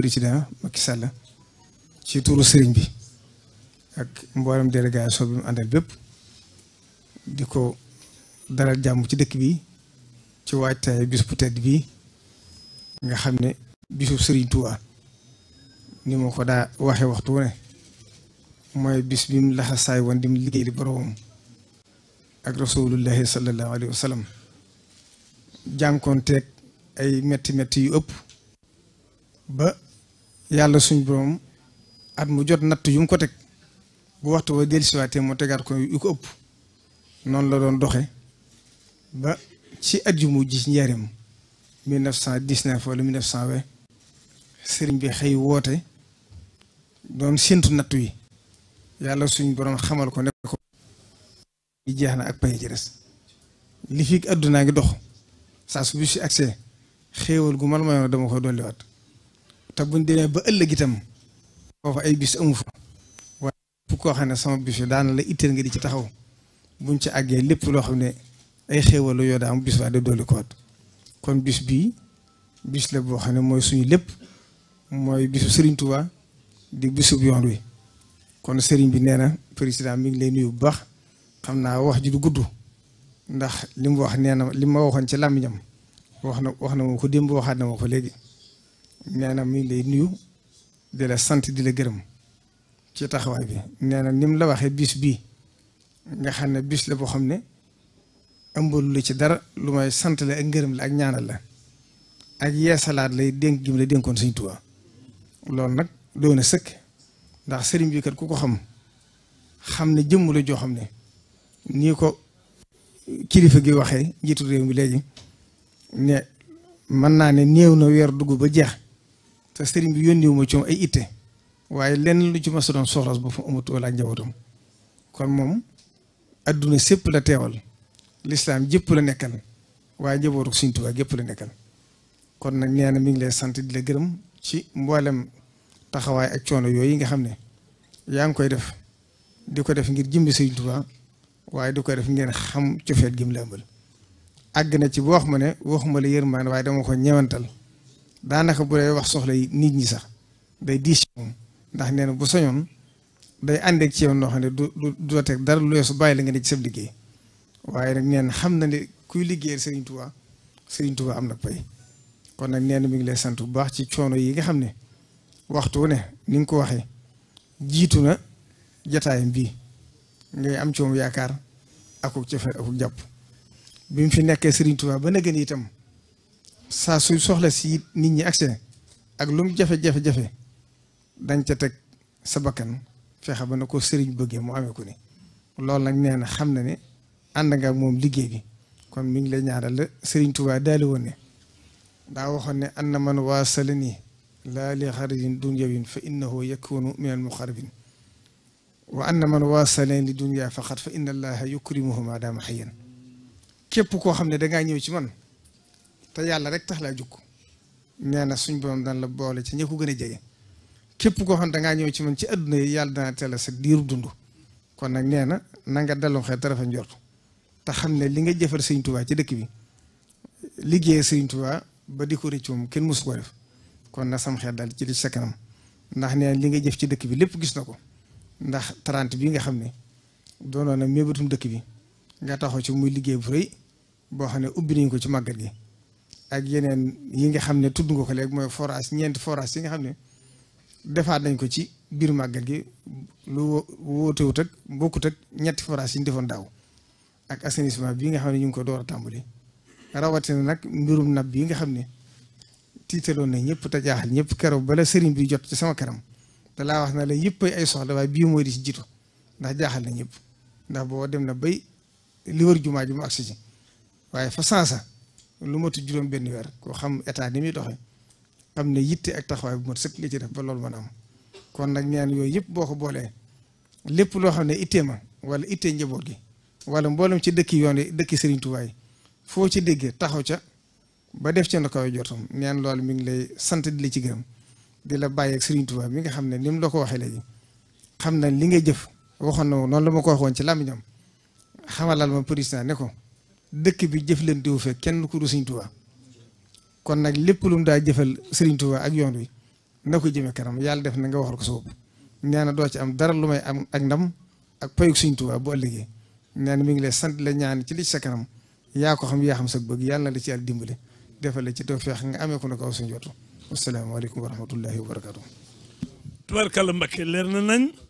président Macky Sall ci sëriñ bi ak mboolem délégation bi mu ko dalal jàmm ci dëkk bi ci bi nga xam ne bisu sëriñ Touba ni ma ko daa waxe waxtu wu mooy bis bi mu laxa saay woon di mu liggéey li boroomam ak rasulullahi sallallahu alayhi wa sallam jànkoonteeg ay metti metti yu ëpp ba yàlla suñ borom at mu jot natt yu mu ko teg bu waxtu ba dellusiwaatee mu tegaat ko yu ko ëpp noonu la doon doxe ba ci at yu mujj ci njaareem 1919 wala 1920 sëriñ bi xëy woote doon séntu nattu yi yàlla suñ borom xamal ko ne ko yi jeex na ak pay ci des li fi àddunaa ngi dox saa su bi si accès xéewal gu mal mayoon dama koy dolliwaat te buñ demee ba ëllëg itam foofu ay bis amu fa waaye fu koo xam ne sama bis yi daana la itteel nga di ci taxaw buñ ci àggee lépp loo xam ne ay xéewalu yoo daa am bis waa de dooli koot kon bis bii bis la boo xam ne mooy suñu lépp mooy bisu Serigne Touba di bisub yoon wi kon sëriñ bi nee na président mi ngi lay nuyu bu baax xam naa wax ji du gudd ndax li mu wax nee na li ma waxoon ci làmmiñam wax na wax na ma ko démb waxaat na ma ko léegi nee na mi ngi lay nuyu di la sant di la gërëm ci taxawaay bi nee na ni la waxee bis bii nga xam ne bis la boo xam ne ëmbalu la ci dara lu may sant la ak ngërëm la ak ñaanal la ak yee salaat lay dénk gi mu la dénkoon Sëriñ Tuubaa loolu nag doon na sëkk ndax sëriñ bi kat ku ko xam xam ne jëmm la joo xam ne nii ko kilifa gi waxee njiitu réew mi léegi ne mën naa ne néew na weer dugg ba jeex te sëriñ bi yónni wu ci ay itte waaye lenn lu ci ma sa doon soxlas ba fa amatu wala njabootam kon moom adduna sépp la teewal lislaam jëpp la nekkal waaye njabootu Sëriñ Tuubaa jëpp la nekkal kon nag nee na mi ngi lay sant di la gërëm ci mboolem taxawaay ak coono yooyu nga xam ne yaa ngi koy def di ko def ngir jëmbi Sëriñ Tuubaa waaye di ko def ngeen xam cofeet gi mu ëmbal àgg na ci boo ma ne waxuma la yërmaan waaye dama ko ñewantal daanaka bu dee wax soxla yi nit ñi sax day diis moom ndax nee na bu soñoon day ànd ak ci yow noo xam ne du du du teg dara lu su bàyyi la nga ne ci sab liggéey waaye nag neen xam na ne kuy liggéey Serigne Touba Serigne Touba am na pay kon nag nee na mi ngi lay sant bu baax ci coono yi nga xam ne waxtu ne ni ko waxee jiitu na jataayam bii ngay am coono yaakaar akuk cofeel akuk jàpp bi mu fi nekkee Serigne Touba ba nag itam. saa suy soxla si nit ñi accès ak lu jafe-jafe-jafe dañ ca teg sa bakkan fexe ba na ko sëriñ bëggee mu amee ko ni loolu nag nee na xam na ne ànd nga ak moom liggéey bi kon mi ngi lay ñaanal la sëriñ Tuubaa daali woon ne daa waxoon ne anna man waasala nii laa li xarajin dunyawin fa innahu yakunu min al muqarrabin wa anna man waasalen li dunya faqat fa inna allaha yukrimuhu ma daama xayyan képp koo xam ne dangaa ñëw ci man te yàlla rek tax laa jukk nee na suñ borom daan la boole ci ñi ko gën a jege képp koo xam ne dangaa ñëw ci man ci adduna yi yàlla dana teel a sa diiru dund kon nag nee na na nga delloo xel te rafet njort te xam ne li nga jëfal sëñ ci dëkk bi liggéey sëñ ba di ko rëccu kenn mësu ko def kon na sam xel daal ci li ndax nee li nga jëf ci dëkk bi lépp gis na ko ndax trente bii nga xam ne doonoon na mébatum dëkk bi nga tax taxaw ci muy liggéey bu rëy boo xam ne ubbi nañ ko ci màggal gi ak yeneen yi nga xam ne tudd nga ko léegi mooy forage ñeenti forage yi nga xam ne defaat nañ ko ci biir màggal gi lu wóotewut ak bokkut ak ñetti forage yi ñu defoon ak assainissement bii nga xam ne ñu ngi ko door a tàmbali rawatina nag mbirum nab bii nga xam ne tiitaloon na ñëpp te jaaxal ñëpp keroog bala sëriñ bi jot ci sama kanam te wax na la yëpp ay soxla waaye bii mooy di ci jiitu ndax jaaxal na ñëpp ndax boo dem na bay li wër jumaa ji mu agsi ci waaye fa sansa lu matu juróom benn weer koo xam état ni muy doxe xam ne yitte ak taxawaay bu mat sëkk nga ci def ba loolu mën a am kon nag ñaan yooyu yëpp boo ko boolee lépp loo xam ne itee ma wala itee njaboot gi wala mboolem ci dëkki yoon yi dëkki Serigne Touba foo ci déggee taxaw ca ba def ci na kaw jotam ñaan loolu mu ngi lay sant di la ci gërëm di la bàyyi ak Serigne Touba mi nga xam ne ni mu la ko waxee léegi xam na li ngay jëf waxoon na noonu la ma ko waxoon ci làmmiñam xamalal ma président ne ko dëkk bi jëflantewu fa kenn ku du Sëriñ Tuubaa kon nag lépp lu mu daa jëfal Sëriñ Tuubaa ak yoon wi na ko jëme kanam yàlla def na nga waxal ko sa bopp nee na doo ci am dara lu may am ak ndam ak payug Sëriñ Tuubaa bu ëllëgee nee na mi ngi lay sant la ñaan ci li sa kanam yaa ko xam yaa xam sa bëgg yàlla na la ci yàlla dimbale defal la ci tawfeex nga amee ko na kaw suñu jotu wasalaamaaleykum wa rahmatullahi wa barakaatu. tubarkalla Mbakke leer na